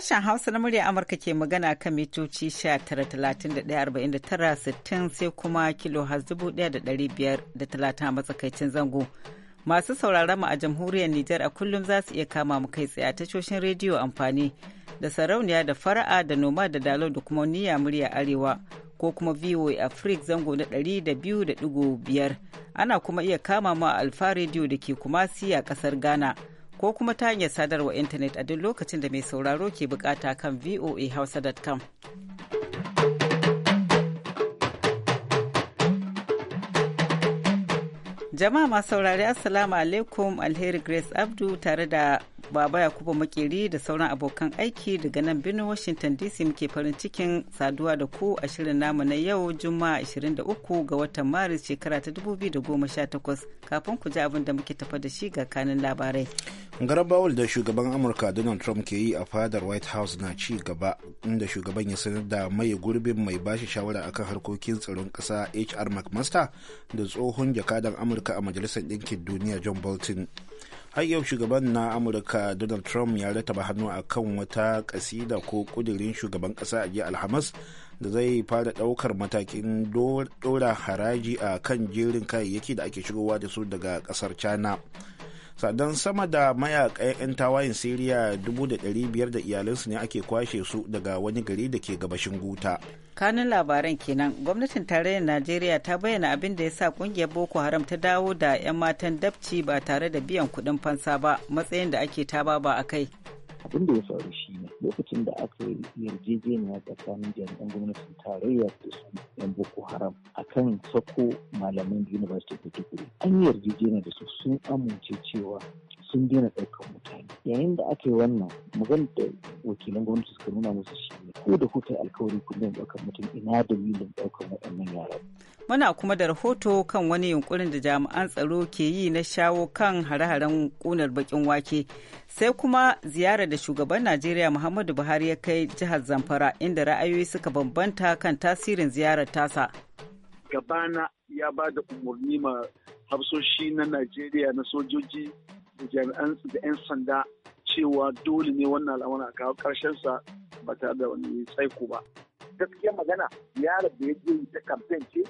Sashen Hausa na murya Amurka ke magana kan mitoci 19,31,49,60 sai kuma kilo har 1,530 a matsakaicin zango. Masu sauraron mu a jamhuriyar Nijar a kullum za su iya kama mu kai tsaye a tashoshin rediyo amfani da sarauniya da fara'a da noma da dalo da kuma niyya murya arewa ko kuma VOA afrik zango na biyar ana kuma iya kama mu a Alfa rediyo da ke kuma siya kasar Ghana. ko kuma ta hanyar sadarwa intanet a duk lokacin da mai sauraro ke bukata kan voahausa.com. jama'a masu saurari assalamu alaikum alheri grace abdu tare da baba yakubu makeri da sauran abokan aiki daga nan birnin washington dc muke farin cikin saduwa da ku a shirin namu na yau juma'a 23 ga watan maris shekara ta 2018 kafin ku ji abin da muke tafa da shi ga kanin labarai garabawul da shugaban amurka donald trump ke yi a fadar white house na ci gaba inda shugaban ya sanar da mai gurbin mai bashi shawara akan harkokin tsaron kasa hr mcmaster da tsohon jakadan amurka a majalisar ɗinkin duniya john bolton har yau shugaban na amurka donald trump ya rataba hannu a kan wata kasida ko kudirin shugaban kasa a jiya alhamis da zai fara ɗaukar matakin ɗora haraji a kan jerin kayayyaki da ake shigowa da su daga ƙasar china sadan sama da mayakan 'yan tawayen siriya 500,000 da iyalinsu ne ake kwashe su daga wani gari da ke gabashin guta kanun labaran kenan gwamnatin tarayyar najeriya ta bayyana abin da ya sa kungiyar boko haram ta dawo da 'yan matan dabci ba tare da biyan kuɗin fansa ba matsayin da ake taba ba a kai abin da ya faru shi ne lokacin da aka yi yarjejeniya tsakanin jami'an gwamnatin tarayya da su yan boko haram A kan sako malaman university of an yarjejeniya da su sun amince cewa sun daina ɗaukar mutane yayin da aka yi wannan magana da wakilan gwamnati suka nuna musu shi ne ko da kuka yi alkawari kun daina ɗaukar mutum ina dalilin ɗaukar waɗannan yara. Muna kuma da rahoto kan wani yunkurin da jami'an tsaro ke yi na shawo kan hare-haren ƙunar baƙin wake sai kuma ziyarar da shugaban Najeriya Muhammadu Buhari ya kai jihar Zamfara inda ra'ayoyi suka bambanta kan tasirin ziyarar tasa. Gabana ya ba da umarni ma hafsoshi na Najeriya na sojoji da jami'an da 'yan sanda cewa dole ne wannan al'amarin a kawo sa ba tare da wani tsaiko ba. Gaskiya magana ya da ya je ta kamfen ce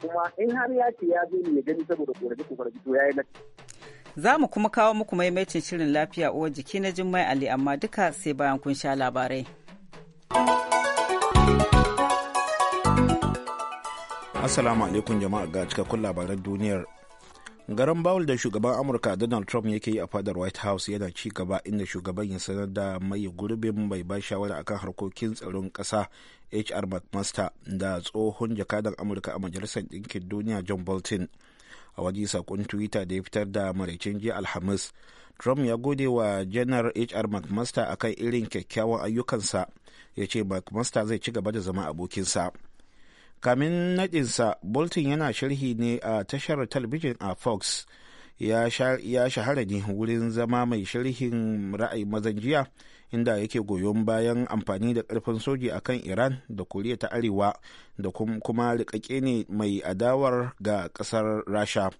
kuma in har ya ce ya zo ne ya gani saboda korafi korafi to ya yi lati. Za mu kuma kawo muku maimaicin shirin lafiya uwar jiki na Jummai Ali amma duka sai bayan kun sha labarai. Assalamu alaikum jama'a ga cikakkun labaran duniyar garan bawul da shugaban amurka donald trump yake yi a fadar white house yana ci gaba inda shugaban ya sanar da mai gurbin mai ba shawara akan harkokin tsaron kasa hr mcmaster da tsohon jakadan amurka a majalisar ɗinkin duniya john bolton a waje sakon twitter da ya fitar da maraicin jiya alhamis trump ya gode wa janar hr mcmaster akan irin kyakkyawan ayyukansa ya ce mcmaster zai ci gaba da zama abokinsa. kamin naɗinsa bolton yana sharhi ne a tashar talabijin a fox ya shahara ne wurin zama mai sharhin ra'ayi mazan jiya inda yake goyon bayan amfani da karfin soji a kan iran da koriya ta arewa da kuma rikakke ne mai adawar ga ƙasar rasha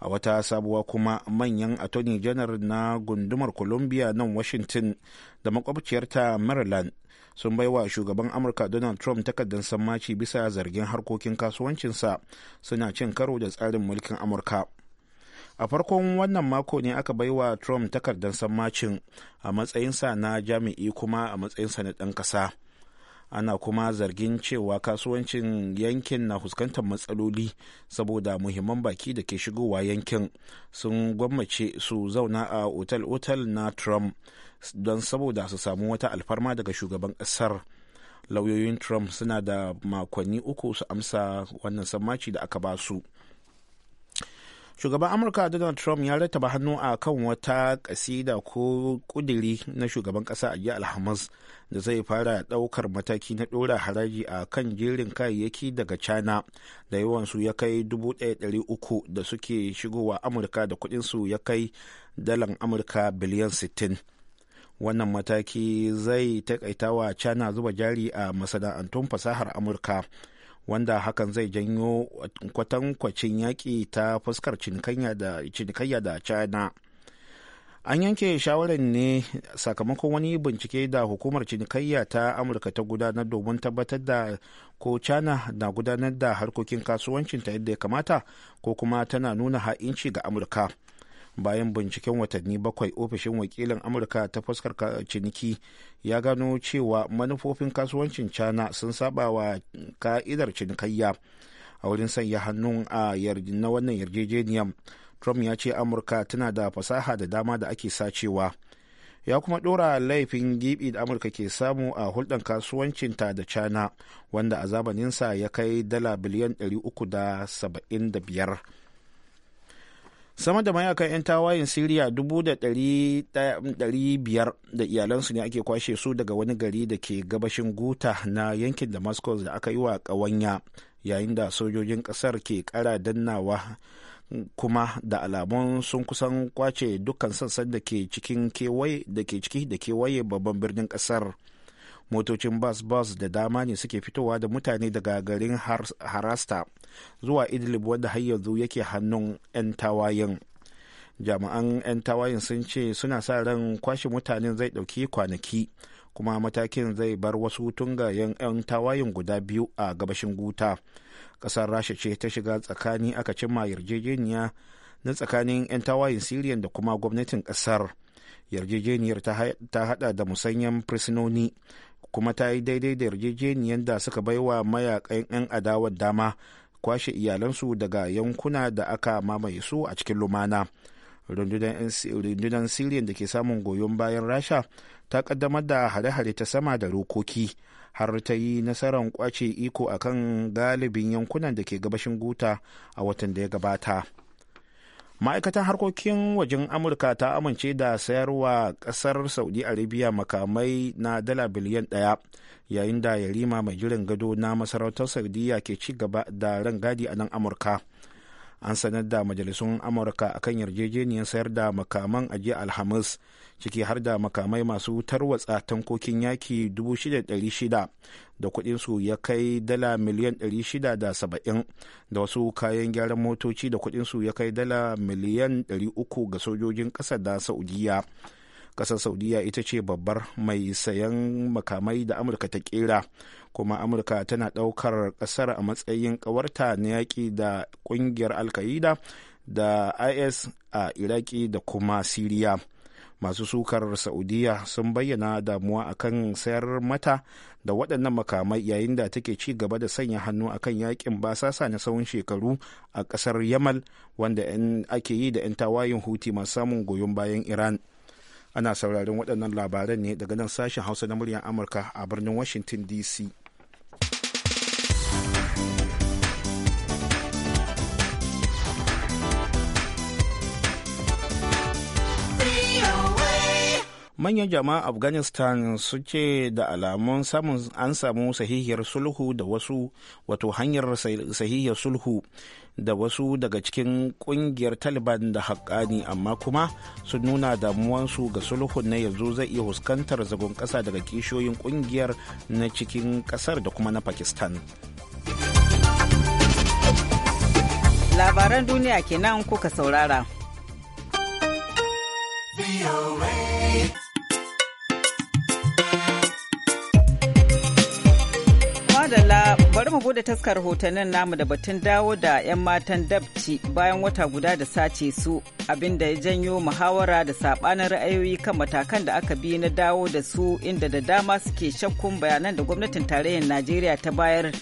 a wata sabuwa kuma manyan attorney general na gundumar columbia nan washington da makwabciyarta maryland sun baiwa shugaban amurka donald trump takardar sammaci bisa zargin harkokin kasuwancinsa suna cin karo da tsarin mulkin amurka a farkon wannan mako ne aka baiwa trump takardar sammacin a matsayinsa na jami'i kuma a matsayinsa na ɗan ƙasa. ana kuma zargin cewa kasuwancin yankin na fuskantar matsaloli saboda muhimman baki da ke shigowa yankin sun gwammace su zauna a otal-otal na trump don saboda su samu wata alfarma daga shugaban ƙasar lauyoyin trump suna da makonni uku su amsa wannan sammaci da aka ba su. shugaban amurka donald trump ya rattaba hannu a kan wata kasida ko kudiri na shugaban kasa a jiya alhamis da zai fara daukar mataki na dora haraji a kan jerin kayayyaki daga china da yawansu ya kai 1,300 da suke shigowa amurka da kudinsu ya kai dalan amurka biliyan 60 wannan mataki zai takaitawa china zuba jari a masana'antun fasahar amurka wanda hakan zai janyo kwatankwacin yaƙi ta fuskar cinikayya da china an yanke shawarar ne sakamakon wani bincike da hukumar cinikayya ta amurka ta gudanar domin tabbatar da ko china na gudanar da harkokin kasuwancinta yadda ya kamata ko kuma tana nuna ha'inci ga amurka bayan binciken watanni bakwai ofishin wakilin amurka ta fuskar ciniki ya gano cewa manufofin kasuwancin china sun saba wa ka'idar cinikayya a wurin sanya hannun a na wannan yarjejeniyar trump ya ce amurka tana da fasaha da dama da ake sacewa ya kuma ɗora laifin gibi da amurka ke samu a hulɗar kasuwancinta da china wanda a zamaninsa ya kai dala biliyan 375 sama da mayakan 'yan tawayin siriya dubu da biyar da iyalansu ne ake kwashe su daga wani gari da ke gabashin guta na yankin damascus da aka yi wa ƙawanya yayin da sojojin ƙasar ke ƙara dannawa kuma da alamun sun kusan kwace dukkan sassan da ke cikin da ciki da kewaye babban birnin ƙasar motocin bas bas da dama ne suke fitowa da mutane daga garin harasta zuwa idlib wadda har yanzu yake hannun 'yan tawayen jami'an 'yan tawayen sun ce suna sa ran kwashe mutanen zai dauki kwanaki kuma matakin zai bar wasu tungayen 'yan yan tawayen guda biyu a gabashin guta ƙasar rasha ce ta shiga tsakani aka cimma yarjejeniya na tsakanin 'yan tawayen syrian da kuma gwamnatin ƙasar yarjejeniyar ta hada da musanyen prisinoni kuma ta yi daidai da yarjejeniyar da suka baiwa mayakan 'yan adawar dama kwashe iyalansu daga yankuna da aka mamaye su a cikin lumana rundunar syrian da ke samun goyon bayan rasha ta kaddamar da hare-hare ta sama da rokoki har ta yi nasarar kwace iko akan galibin yankunan da ke gabashin guta a watan da ya gabata ma'aikatan harkokin wajen amurka ta amince da sayarwa kasar saudi arabia makamai na dala biliyan daya yayin da yarima mai jiran gado na masarautar saudiya ke ci gaba da rangadi a nan amurka an sanar da majalisun amurka akan yarjejeniyar sayar da makaman a alhamis ciki har da makamai masu tarwatsa tankokin yaki 6,600 da kudinsu ya kai dala miliyan 670 da wasu kayan gyaran motoci da kudinsu ya kai dala miliyan 300 ga sojojin ƙasa da saudiya. kasar saudiya ita ce babbar mai sayan makamai da amurka ta kera kuma amurka tana daukar kasar a matsayin kawarta na yaƙi da ƙungiyar alka'ida da is a iraki da kuma siriya masu sukar saudiya sun bayyana damuwa akan sayar mata da waɗannan makamai yayin da take ci gaba da sanya hannu akan yakin basasa na tsawon shekaru a ƙasar yamal wanda ake yi da 'yan tawayin huti masu samun goyon bayan iran ana sauraron waɗannan labaran ne daga nan sashen hausa na muryar amurka a birnin washington dc manyan jama'an afghanistan su ce da alamun samun an samu sahihiyar sulhu da wasu wato hanyar sahihiyar sulhu da wasu daga cikin kungiyar taliban da haƙƙani amma kuma sun nuna damuwansu ga sulhun na yanzu zai iya fuskantar zagon ƙasa daga kishiyoyin kungiyar na cikin ƙasar da kuma na pakistan labaran duniya kenan kuka saurara. bari mu bude taskar hotonin namu da batun dawo da 'yan matan dabci bayan wata guda da sace su abinda ya janyo muhawara da saɓanin ra'ayoyi kan matakan da aka bi na dawo da su inda da dama suke shakkun bayanan da gwamnatin tarayyar najeriya ta bayar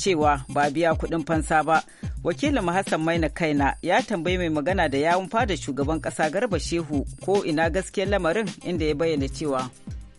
cewa ba biya kudin fansa ba wakilin hassan maina kaina ya tambayi mai magana da yawun fada shugaban kasa garba shehu ko ina gaskiyar lamarin inda ya bayyana cewa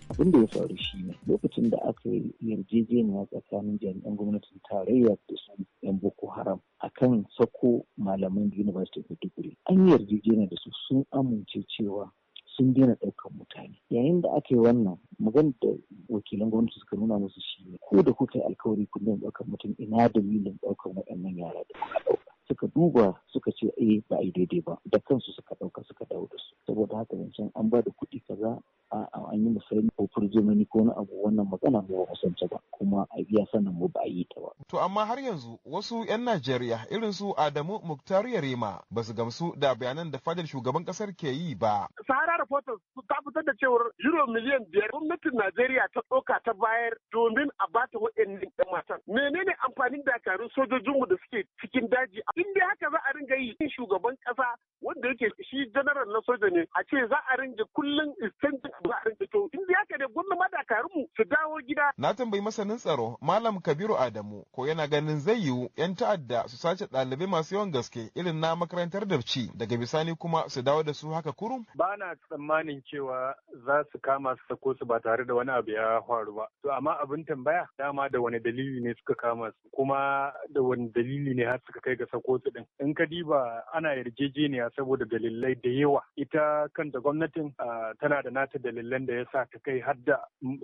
abin da ya faru shi ne lokacin da aka yi yarjejeniya tsakanin jami'an gwamnatin tarayya da su yan boko haram A kan sako malaman university of degree an yarjejeniya da su sun amince cewa sun daina ɗaukar mutane yayin da aka yi wannan magan da wakilan gwamnati suka nuna musu shi ne ko da kuka yi alkawari kun daina ɗaukar mutum ina dalilin ɗaukar waɗannan yara da kuka ɗauka suka duba suka ce eh ba a yi daidai ba da kansu suka ɗauka suka dawo da su saboda haka zancen an ba da kuɗi kaza an yi misali ko zomani ko na abu wannan magana mu ba ba kuma a biya sanin mu ba yi ta ba. To amma har yanzu wasu 'yan Najeriya irin su Adamu Muktar Yarema ba su gamsu da bayanan da fadar shugaban kasar ke yi ba. Sahara Reporters ta fitar da cewar euro miliyan biyar gwamnatin Najeriya ta ɗauka ta bayar domin a ba bata waɗannan 'yan matan. Menene amfanin dakarun sojojinmu da suke cikin daji? In dai haka za a ringa yi shugaban ƙasa wanda yake shi general na soja ne a ce za a ringe kullum iskancin Za a ringe to inda haka ne gwamnati ma da karimu su dawo gida na tambayi masanin tsaro malam kabiru adamu ko yana ganin zai yiwu yan ta'adda su sace ɗalibai masu yawan gaske irin na makarantar da ci. daga bisani kuma su dawo da su haka kurum ba na tsammanin cewa za su kama su sako su ba tare da wani abu ya faru ba to amma abin tambaya dama da wani dalili ne suka kama su kuma da wani dalili ne har suka kai ga sako su din in ka diba ana yarjejeniya saboda dalilai da yawa ita kanta gwamnatin tana da nata dalilan da ya sa ta kai har da mm,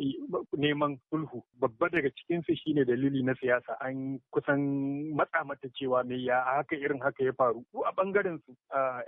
neman sulhu babba daga cikinsu shine dalili na siyasa an kusan matsa mata cewa me ya haka irin haka ya faru Ko a bangaren su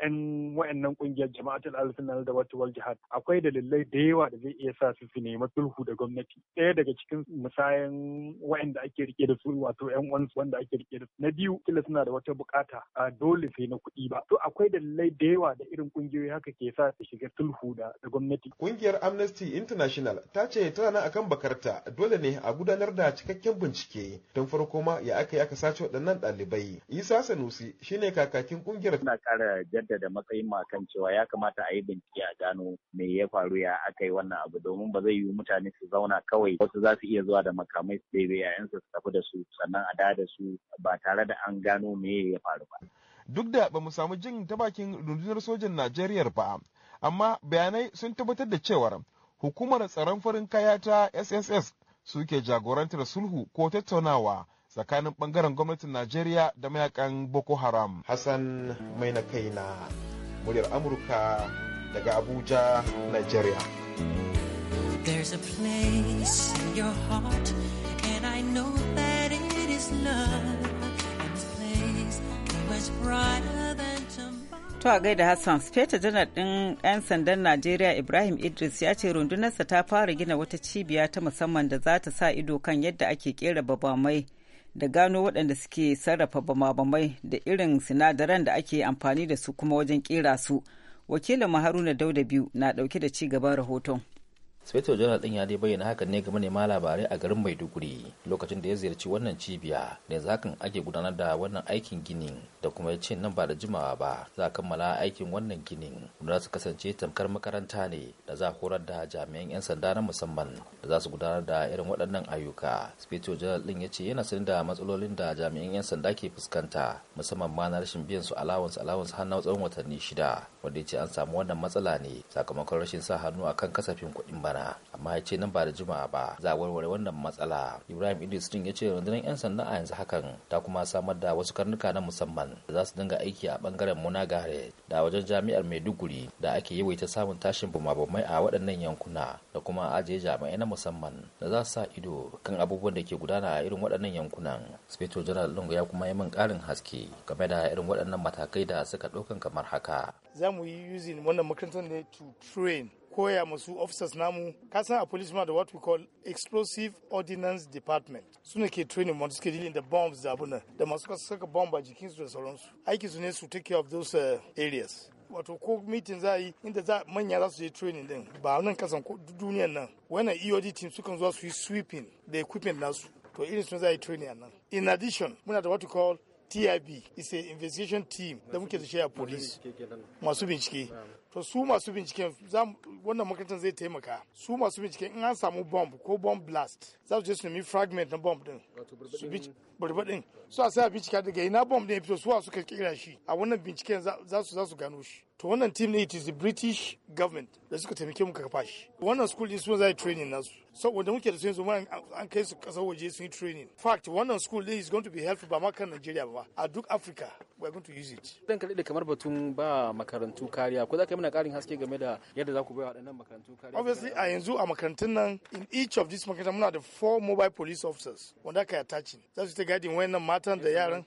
yan wayannan kungiyar jama'atul alsunnah da wata wal jihad akwai dalilai da yawa da zai iya sa su su nemi sulhu da gwamnati ɗaya daga cikin musayan wayanda ake rike da su wato yan wanda ake rike da su na biyu kila suna da wata bukata dole sai na kuɗi ba to akwai dalilai dalilai da yawa da irin kungiyoyi haka ke sa su shiga tulhu da gwamnati. Kungiyar Amnesty International ta ce tana akan bakarta dole ne a gudanar da cikakken bincike don farko ma ya aka yi aka sace waɗannan ɗalibai. Isa Sanusi shine kakakin kungiyar. Ina ƙara jaddada matsayin makan cewa ya kamata a yi bincike a gano me ya faru ya aka yi wannan abu domin ba zai yiwu mutane su zauna kawai wasu za su iya zuwa da makamai su ɗebe yayansu su tafi da su sannan a da su ba tare da an gano me ya faru ba. duk da ba mu samu jin ta bakin rundunar sojan Najeriya ba amma bayanai sun tabbatar da cewar hukumar tsaron farin kaya ta SSS suke jagorantar sulhu ko tattaunawa tsakanin bangaren gwamnatin Najeriya da mayakan Boko Haram. Hassan mai na kai na muryar Amurka daga Abuja, Najeriya. There's love. To a gaida Hassan, Speta janar ɗin 'yan sandan Najeriya Ibrahim Idris ya ce rundunarsa ta fara gina wata cibiya ta musamman da za ta sa ido kan yadda ake kera babamai da gano waɗanda suke sarrafa bamabamai da irin sinadaran da ake amfani da su kuma wajen kera su. Wakilin Haruna Dauda biyu na ɗauke da ci gaban rahoton. Sufeto Janar ɗin ya dai bayyana hakan ne ga manema labarai a garin Maiduguri lokacin da ya ziyarci wannan cibiya da yanzu hakan ake gudanar da wannan aikin ginin da kuma ya ce nan ba da jimawa ba za a kammala aikin wannan ginin wanda za su kasance tamkar makaranta ne da za a horar da jami'an 'yan sanda na musamman da za su gudanar da irin waɗannan ayyuka. Sufeto Janar din ya ce yana sanin da matsalolin da jami'an 'yan sanda ke fuskanta musamman ma na rashin biyan su allowance allowance har na tsawon watanni shida wanda ya ce an samu wannan matsala ne sakamakon rashin sa hannu akan kasafin kuɗin bana. rana amma ya ce nan ba da jima'a ba za a warware wannan matsala ibrahim idris din ya ce rundunar 'yan sanda a yanzu hakan ta kuma samar da wasu karnuka na musamman da za su dinga aiki a bangaren munagare da wajen jami'ar maiduguri da ake yawaita samun tashin bumabumai a waɗannan yankuna da kuma ajiye jami'ai na musamman da za su sa ido kan abubuwan da ke gudana a irin waɗannan yankunan speto general lungu ya kuma yi min ƙarin haske game da irin waɗannan matakai da suka ɗaukan kamar haka za mu yi using wannan makarantar ne to train koya masu officers namu kasan a police ma da what we call explosive ordinance department suna ke training wanda suke dealing da bombs da abunan da masu saka bomba jikin su da sauransu aiki su ne su take care of those uh, areas wato ko meeting za a yi inda za manya za su yi training din ba nan kasan duniyan nan wannan eod team sukan zuwa su yi sweeping da equipment nasu to irin su za a yi training nan in addition muna da what we call TIB is a investigation team da muke da shi a police masu bincike to su masu binciken wannan makarantar zai taimaka su masu binciken in an samu bomb ko bomb blast za su je su nemi fragment na bomb din su barbadin su a sai a bincika daga ina bomb din ya fito su suka kira shi a wannan binciken za su za su gano shi to wannan team ne it is the british government da suka taimake mu kafa shi wannan school din su zai training nasu wanda muke da su yanzu an kai su kasar waje sun yi training fact wannan school din is going to be helpful ba ma kan Nigeria ba a duk Africa we are going to use it dan da kamar batun ba makarantu kariya ko za ka mana karin haske game da yadda za ku bai waɗannan makarantu kariya obviously a yanzu a makarantun nan in each of these makarantu muna da four mobile police officers wanda aka attaching za su ta gadin wayannan matan da yaran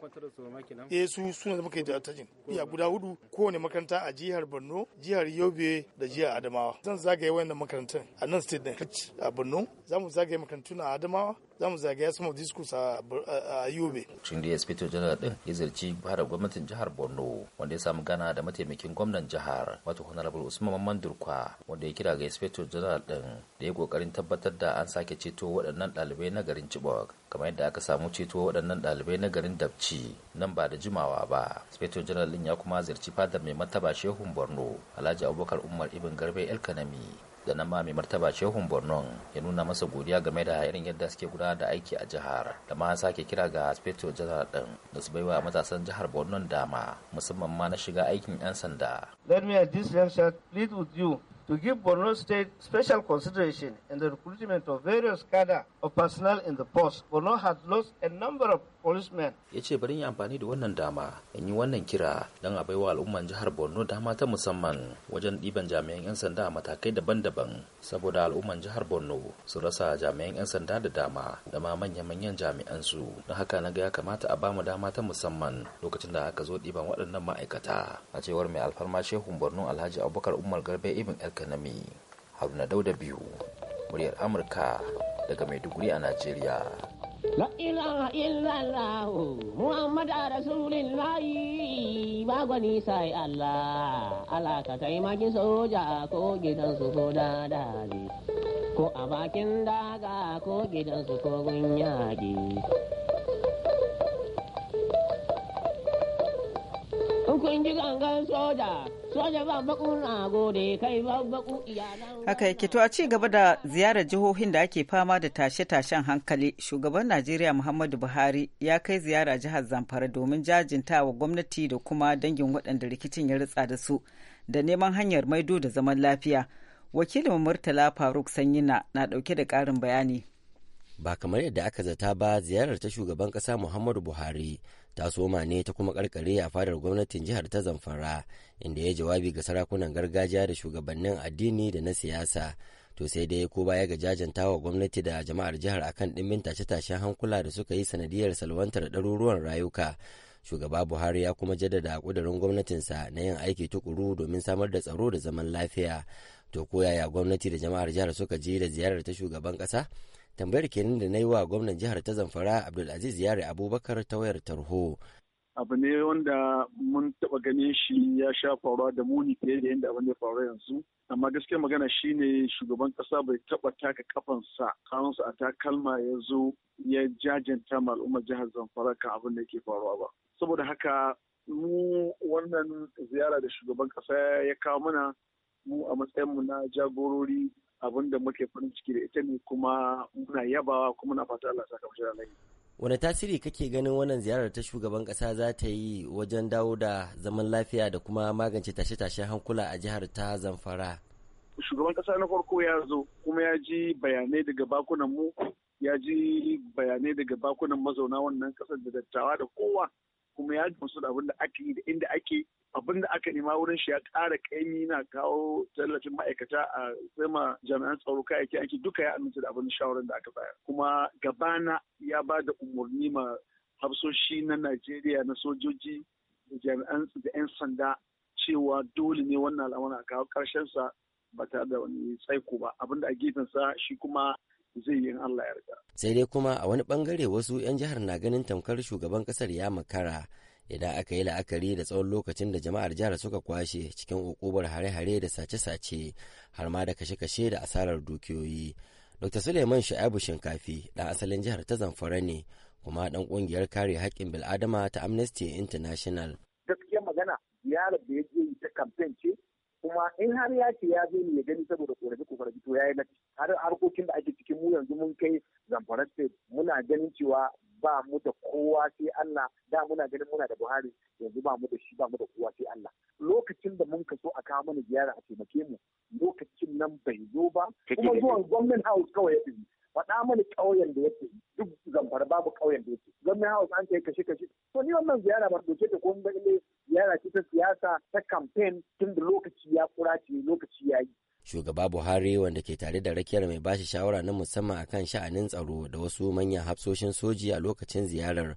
eh su suna da muka yi attaching iya guda hudu kowane makaranta a jihar Borno jihar Yobe da jihar Adamawa zan zagaye wayannan makarantun a nan state din a Borno za mu zagaye makarantun a Adamawa za mu zagaya sama of schools a yobe shin da inspector general din ya ziyarci fara gwamnatin jihar borno wanda ya samu gana da mataimakin gwamnan jihar wato honorable usman mamman durkwa wanda ya kira ga inspector general din da ya kokarin tabbatar da an sake ceto waɗannan ɗalibai na garin chibok kamar yadda aka samu ceto waɗannan ɗalibai na garin dabci nan ba da jimawa ba inspector general din ya kuma ziyarci fadar mai mataba shehun borno alhaji abubakar umar ibn garbe el kanami da nan ma mai martaba shehun bornon ya nuna masa godiya game da irin yadda suke gudanar da aiki a jihar da ma sake kira ga aspeto jihar din da su baiwa matasan jihar borno dama musamman ma na shiga aikin yan sanda let me at this juncture plead with you to give Borno State special consideration in the recruitment of various cadre of personnel in the post. Borno has lost a number of ya ce bari yi amfani da wannan dama in yi wannan kira don a baiwa al'umman jihar borno dama ta musamman wajen ɗiban jami'an 'yan sanda a matakai daban-daban saboda al'umman jihar borno su rasa jami'an 'yan sanda da dama da ma manya-manyan jami'an su don haka na ga ya kamata a bamu dama ta musamman lokacin da aka zo ɗiban waɗannan ma'aikata a cewar mai alfarma shehun borno alhaji abubakar umar garbe ibn elkanami haruna dauda biyu muryar amurka daga maiduguri a najeriya La ilaha illallah Muhammad Rasulullah ba gwani sai Allah ala ka taimaki soja ko gidan su ko dadali ko a bakin daga ko gidan su ko gun haka yake to a ci gaba da ziyarar jihohin da ake fama da tashe-tashen hankali shugaban najeriya muhammadu buhari ya kai ziyara jihar zamfara domin jajinta wa gwamnati da kuma dangin waɗanda rikicin ya ritsa da su da neman hanyar maido da zaman lafiya wakilin murtala faruk sanyina na ɗauke da ƙarin bayani ba kamar yadda aka zata ba ziyarar ta shugaban kasa muhammadu buhari ta soma ne ta kuma karkare a fadar gwamnatin jihar ta zamfara inda ya jawabi ga sarakunan gargajiya da shugabannin addini da na siyasa to sai dai ko baya ga jajanta wa gwamnati da jama'ar jihar akan dimbin tashe-tashen hankula da suka yi sanadiyar salwantar ɗaruruwan rayuka shugaba buhari ya kuma jaddada kudurin gwamnatinsa na yin aiki tukuru domin samar da tsaro da zaman lafiya to ko yaya gwamnati da jama'ar jihar suka je da ziyarar ta shugaban ƙasa tambayar kenan da na yi wa gwamnan jihar ta zamfara abdulaziz yare abubakar ta wayar tarho abu ne wanda mun taba ganin shi ya sha faruwa da muni fiye da yadda abin da faru yanzu amma gaskiya magana shine shugaban kasa bai taba taka kafansa kawansa a takalma ya zo ya jajanta ma al'ummar jihar zamfara kan abin da yake faruwa ba saboda haka mu wannan ziyara da shugaban kasa ya kawo mana mu a matsayinmu na jagorori abin da muke farin ciki da ita ne kuma muna yabawa kuma na fata Allah saka mashi da Wane tasiri kake ganin wannan ziyarar ta shugaban kasa za ta yi wajen dawo da zaman lafiya da kuma magance tashe-tashen hankula a jihar ta Zamfara? Shugaban kasa na farko ya zo kuma ya ji bayanai daga bakunan mu ya ji bayanai daga bakunan mazauna wannan kasar da dattawa da kowa kuma ya gamsu da abin da ake yi da inda ake abin da aka nema wurin shi ya ƙara kaimi na kawo tallafin ma'aikata a sama jami'an tsaro kayayyaki ake duka ya aminta da abin shawarar da aka bayar kuma gabana ya ba da umarni ma hafsoshi na najeriya na sojoji da jami'an da 'yan sanda cewa dole ne wannan al'amuran a kawo ƙarshensa ba tare da wani tsaiko ba abin da a gefensa shi kuma zai yi Allah ya riga. Sai dai kuma a wani bangare wasu 'yan jihar na ganin tamkar shugaban kasar ya makara idan aka yi la'akari da tsawon lokacin da jama'ar jihar suka kwashe cikin ukubar hare-hare da sace-sace har ma da kashe-kashe da asarar dukiyoyi. Dr. Suleiman Shu'aibu Shinkafi ɗan asalin jihar ta Zamfara ne kuma ɗan ƙungiyar kare haƙƙin bil'adama ta Amnesty International. Gaskiya magana ziyarar da ya je ta kamfen ce kuma in har ya ce ya zo ne ya gani saboda korafi korafi to ya yi har harkokin da ake cikin mu yanzu mun kai zamfara state muna ganin cewa ba mu da kowa sai Allah da muna ganin muna da Buhari yanzu ba mu da shi ba mu da kowa sai Allah lokacin da mun kaso a kawo mana ziyara a taimake mu lokacin nan bai zo ba kuma zuwan gwamnan house kawai ya fi faɗa mani ƙauyen da yake duk zamfara babu ƙauyen da yake gwamnan hausa an kai kashe kashe to ni wannan ziyara ba doke da komai ba ne ziyara ce ta siyasa ta campaign tun da lokaci ya kura ce lokaci ya yi shugaba buhari wanda ke tare da rakiyar mai bashi shawara na musamman akan sha'anin tsaro da wasu manyan hafsoshin soji a lokacin ziyarar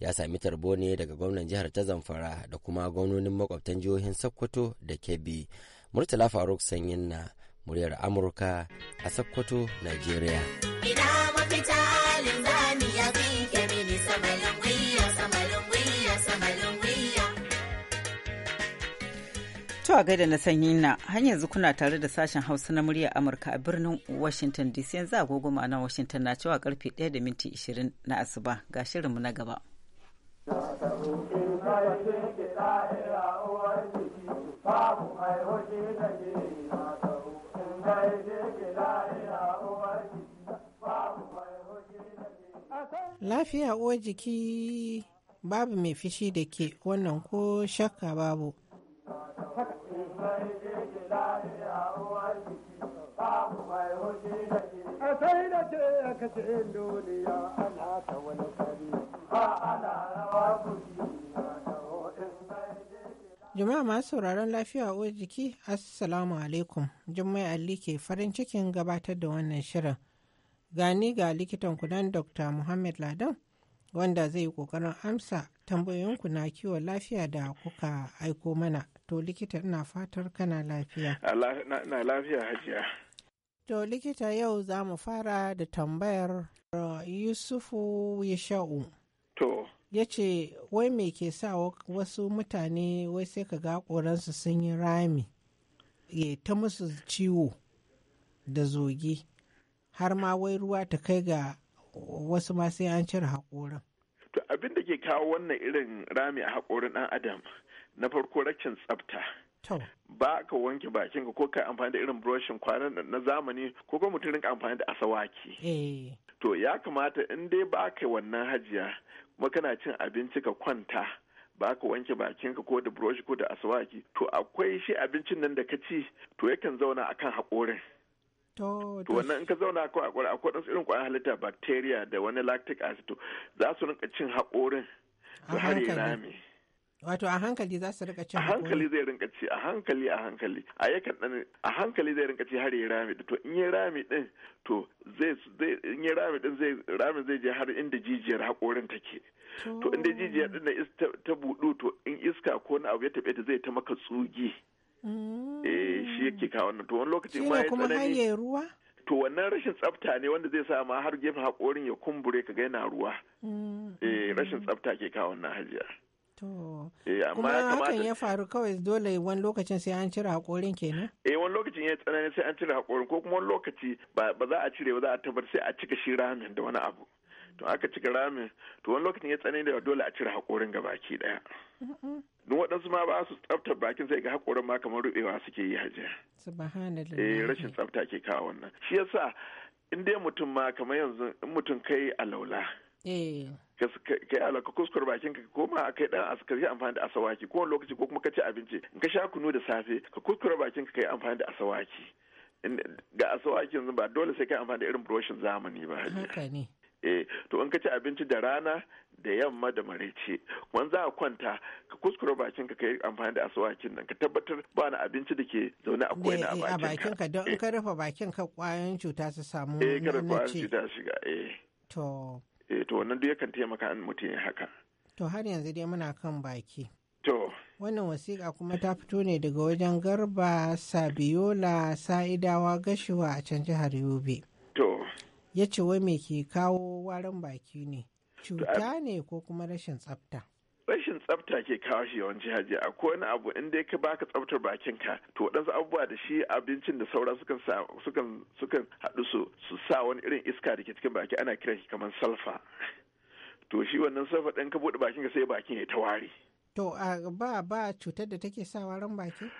ya sami tarbo ne daga gwamnan jihar ta zamfara da kuma gwamnonin makwabtan jihohin sokoto da kebbi murtala faruk sanyin na muryar amurka a sokoto nigeria To a gaida na sanyi na hanyar yanzu kuna tare da sashen Hausa na murya Amurka a birnin Washington DC yanzu agogo ma'anar Washington na cewa karfe 1 da minti 20 na asuba ga shirinmu na gaba. Lafiya uwar jiki babu mai fishi da ke wannan ko shakka babu. Jama'a masu sauraron lafiya uwar jiki, Assalamu alaikum. Jummai Ali ke farin cikin gabatar da wannan shirin. gani ga likitan kudan dr muhammad ladan wanda zai yi kokarin amsa tambayoyinku na kiwon lafiya da kuka aiko mana to likita ina fatar kana lafiya na lafiya hajiya to likita yau za mu fara da tambayar uh, yusufu yasha'u to ya ce wai me ke sa wasu mutane wai sai ka ga koransu sun yi rami ya ta musu ciwo da zogi har ma wai ruwa ta kai ga wasu ma sai an cire haƙorin. To abin da ke kawo wannan irin rami a haƙorin ɗan adam na farko rakin tsafta. Ba ka wanke bakin ka ko ka amfani da irin buroshin kwanan na zamani ko kuma mutum rinka amfani da asawaki. Eh. To ya kamata in dai ba ka wannan hajiya kuma kana cin abinci ka kwanta ba ka wanke bakinka ko da buroshi ko da asawaki to akwai shi abincin nan da ka ci to yakan zauna akan haƙorin. To wannan in ka zauna ko akwai akwai ɗansu irin kwayar halitta bacteria da wani lactic acid to za su rinka cin haƙorin su har ya rami. Wato a hankali za su rinka cin A hankali zai rinka ci a hankali a hankali a yakan ɗani a hankali zai rinka ci har ya rami to in ya rami ɗin to zai in ya rami ɗin zai rami zai je har inda jijiyar ta take. To inda jijiyar din ta buɗu to in iska ko na abu ya taɓe ta zai ta maka tsugi. eh shi yake kawo wannan to wani lokaci ma ya tsanani ruwa to wannan rashin tsafta ne wanda zai sa ma har gefen haƙorin ya kumbure ka ga yana ruwa mm-hmm. eh rashin tsafta ke kawo wannan hajiya eh, kuma hakan ya faru kawai dole wani lokacin sai an cire haƙorin kenan eh wani lokacin ya tsanani sai an cire haƙorin ko kuma wani lokaci ba za a cire ba za a tabbatar sai a cika shi ramin da wani abu to aka cika ramin to wani lokacin ya tsanani da dole a cire haƙorin ga baki ɗaya don waɗansu ma ba su tsaftar bakin sai ga haƙorin ma kamar rubewa suke yi hajiya eh rashin tsafta ke kawo wannan shi yasa in dai mutum ma kamar yanzu in mutum kai alaula eh. kai alaka kuskur bakin ka koma kai dan ka yi amfani da asawaki ko lokaci ko kuma ka ci abinci in ka sha kunu da safe ka kuskura bakin ka kai amfani da asawaki ga asawaki yanzu ba dole sai kai amfani da irin broshin zamani ba haka ne eh to in ka ci abinci da rana da yamma da maraice wani za a kwanta ka kuskure bakin ka kai amfani da asuwakin nan ka tabbatar ba na abinci da ke zaune a koyina a eh, eh, bakin ka don eh. ka rufe bakin ka kwayoyin cuta su samu eh rufe cuta shiga eh to eh to wannan duk yakan taimaka an mutum ya haka to har yanzu dai muna kan baki to wannan wasiƙa kuma ta fito ne daga wajen garba sabiola sa'idawa gashiwa a can jihar yobe ya ce wai me ke kawo warin baki ne cuta ne ko kuma rashin tsafta rashin tsafta ke kawo shi yawanci haji akwai wani abu in dai ka baka tsaftar bakin ka to waɗansu abubuwa da shi abincin da saura sukan haɗu su su sa wani irin iska da ke cikin baki ana kiran shi kamar salfa to shi wannan salfa ɗin ka buɗe bakin ka sai bakin ya ta wari to ba ba cutar da take sa warin baki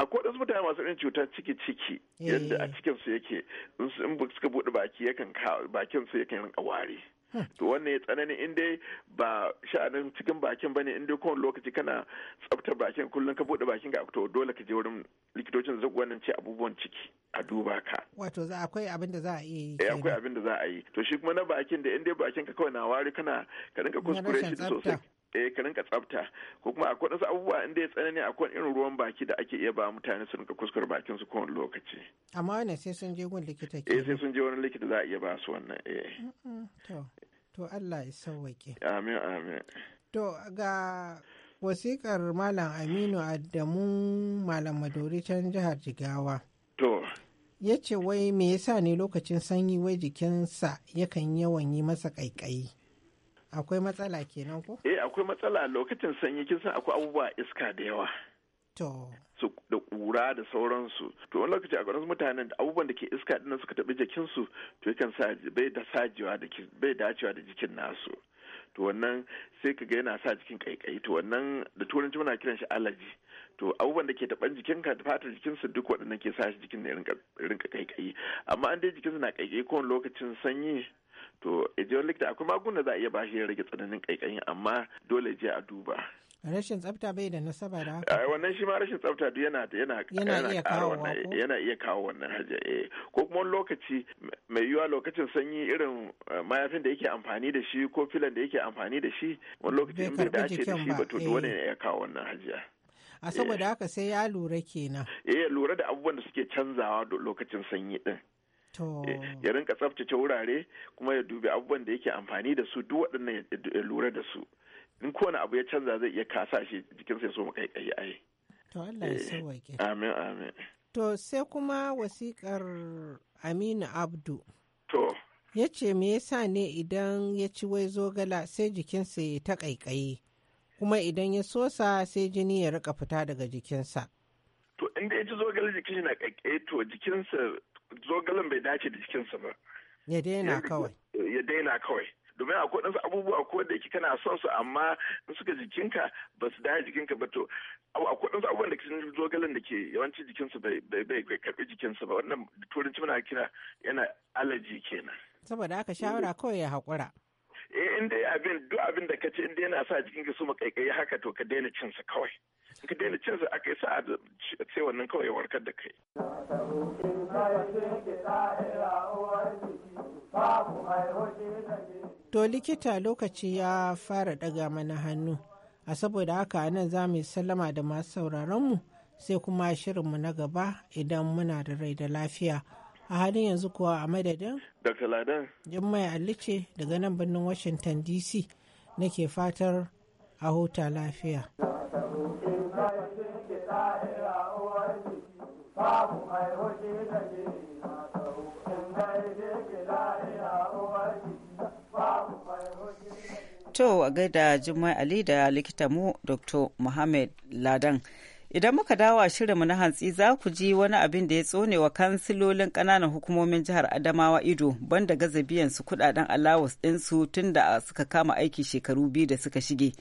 akwai wasu mutane masu irin cutar ciki ciki yadda a eh. cikin su yake in suka bude baki yakan bakin su yakan rinka wari hmm. to wannan ya tsanani in dai ba sha'anin cikin bakin bane in dai kowane lokaci kana tsaftar bakin kullum ka bude bakin ga to dole ka je wurin likitocin zai wannan ce abubuwan ciki a duba ka wato za akwai abin da za a yi eh akwai abin da za a yi to shi kuma na bakin da in dai bakin ka kawai na wari kana ka rinka kuskure shi sosai eh ka rinka tsafta ko kuma akwai wasu abubuwa in dai tsanani akwai irin ruwan baki da ake iya ba mutane su rinka kuskure bakin su kowane lokaci amma wannan sai sun je gun likita ke eh sai sun je wani likita za a iya ba su wannan eh to to Allah ya sauwake amin amin to ga wasikar malam Aminu Adamu malam Madori can jihar Jigawa to ya ce wai me yasa ne lokacin sanyi wai jikinsa yakan yawan yi masa ƙaiƙayi akwai matsala kenan ko eh akwai matsala lokacin sanyi kin san akwai abubuwa iska da yawa to su da kura da sauransu to wani lokaci a garin mutanen da abubuwan da ke iska dinnan suka jikin jikinsu to yakan sa bai da sajewa da bai dacewa da jikin nasu to wannan sai ka ga yana sa jikin kaikai to wannan da turanci muna kiran shi allergy to abubuwan da ke taban jikinka da fatar jikinsu duk waɗannan ke sa shi jikin ne rinka kaikai amma an dai jikinsu na kaikai kowane lokacin sanyi to ejiyar likita akwai magunguna za a iya bashi ya rage tsananin kaikayi amma dole je a duba rashin tsafta bai da nasaba da haka wannan shi ma rashin tsafta duk yana yana yana iya kawo wannan yana iya kawo wannan haja eh ko kuma lokaci mai yiwa lokacin sanyi irin eh, mayafin da yake amfani da shi ko filan da yake amfani da shi wani lokaci in bai dace da shi ba to eh. dole ne ya kawo wannan haja a saboda eh. haka sai ya lura kenan eh lura da abubuwan da suke canzawa lokacin sanyi din Eh, ya rinka tsaftace wurare kuma ya dubi abubuwan da yake amfani da su duk waɗannan ya lura da su in kowane abu ya canza zai iya kasa shi jikinsa ya so mu kai ai to Allah ya eh, sauwaƙe amin amin to sai kuma wasikar Aminu Abdu to ya ce me yasa ne idan ya ci wai zogala sai jikinsa ya ta kaikayi kuma idan ya sosa sai jini ya rika fita daga jikinsa to inda ya ci zogala jikin na kaikayi to jikinsa zogalin bai dace da jikinsa ba ya daina kawai ya daina kawai domin akwai ɗansu abubuwa ko da yake kana son su amma in suka jikinka ba su daya jikinka ba to akwai ɗansu abubuwan da ke zogalin da ke yawanci jikinsu bai karɓi jikinsu ba wannan turanci muna kira yana alaji kenan saboda haka shawara kawai ya haƙura eh in dai abin duk abin da ka ce in dai yana sa jikinka su makaikai haka to ka daina cinsa kawai ka daina cin su aka yi sa'a da wannan kawai ya warkar da kai. To likita lokaci ya fara daga mana hannu, a saboda haka nan za mu sallama da masu sauraronmu sai kuma shirinmu na gaba idan muna da rai da lafiya. a halin yanzu kuwa a madadin dr ladan jummai daga nan birnin washington dc nake fatar a huta lafiya To a gaida Jummai Ali da likita mu Dr. Muhammad Ladan. Idan muka dawo a mu na hantsi za ku ji wani abin da ya tsone wa kansilolin ƙananan hukumomin jihar Adamawa ido banda gaza biyan su kudaden allowance ɗinsu tun da suka kama aiki shekaru biyu da suka shige.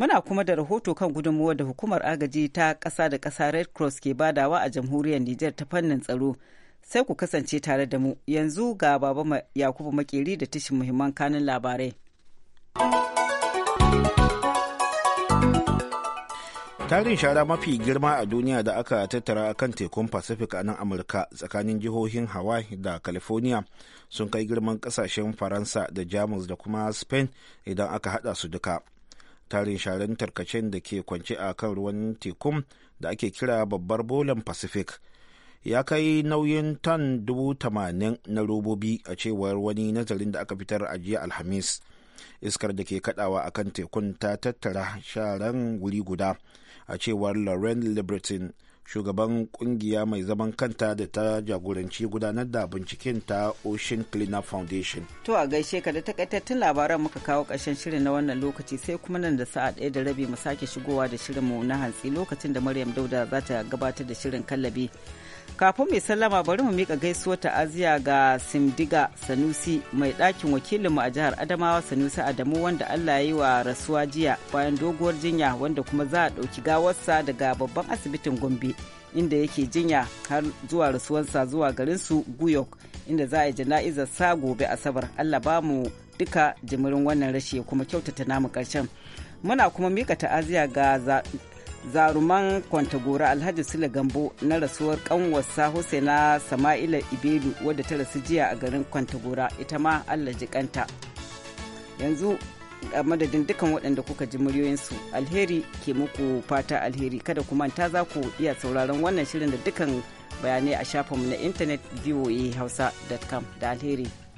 Muna kuma da rahoto kan gudunmuwa da hukumar agaji ta ƙasa da ƙasa Red Cross ke badawa a jamhuriyar Nijar ta fannin tsaro. Sai ku kasance tare da mu yanzu ga Baba Yakubu Makeri da tashin muhimman kanin labarai. tarin shara mafi girma a duniya da aka tattara a kan tekun pacific a nan amurka tsakanin jihohin hawaii da california sun kai girman kasashen faransa da jamus da kuma spain idan aka hada su duka tarin sharan tarkacen da ke kwance a kan ruwan tekun da ake kira babbar bolan pacific ya kai nauyin ton dubu tamanin na robobi a cewar wani nazarin da aka fitar a jiya alhamis iskar da ke kadawa akan tekun ta tattara sharan wuri guda a cewar lauren libertine shugaban kungiya mai zaman kanta da ta jagoranci gudanar da binciken ta ocean cleaner foundation to a gaishe ka da takaitattun labaran muka kawo ƙarshen shirin na wannan lokaci sai kuma nan da sa'a ɗaya da rabi mu sake shigowa da shirinmu na hantsi lokacin da maryam dauda za ta gabatar da shirin kallabi kafin mai sallama bari mu mika gaisuwar ta'aziya ga simdiga sanusi mai ɗakin wakilinmu a jihar adamawa sanusi adamu wanda allah ya yi wa rasuwa jiya bayan doguwar jinya wanda kuma za a ɗauki gawarsa daga babban asibitin gombe inda yake jinya har zuwa rasuwarsa zuwa garin su guyok inda za a yi jana'izar sa gobe asabar allah ba mu duka jimirin wannan rashi kuma kyautata namu ƙarshen muna kuma mika ta'aziya ga zaruman kwantagora alhaji sule gambo na rasuwar kanwarsa husaina sama'ila ibelu wadda ta rasu jiya a garin kwantagora ita ma allah jikanta yanzu a madadin dukan waɗanda kuka ji muryoyinsu alheri ke muku fata alheri kada ku manta za ku iya sauraron wannan shirin da dukan bayanai a shafinmu na intanet voa hausa.com da alheri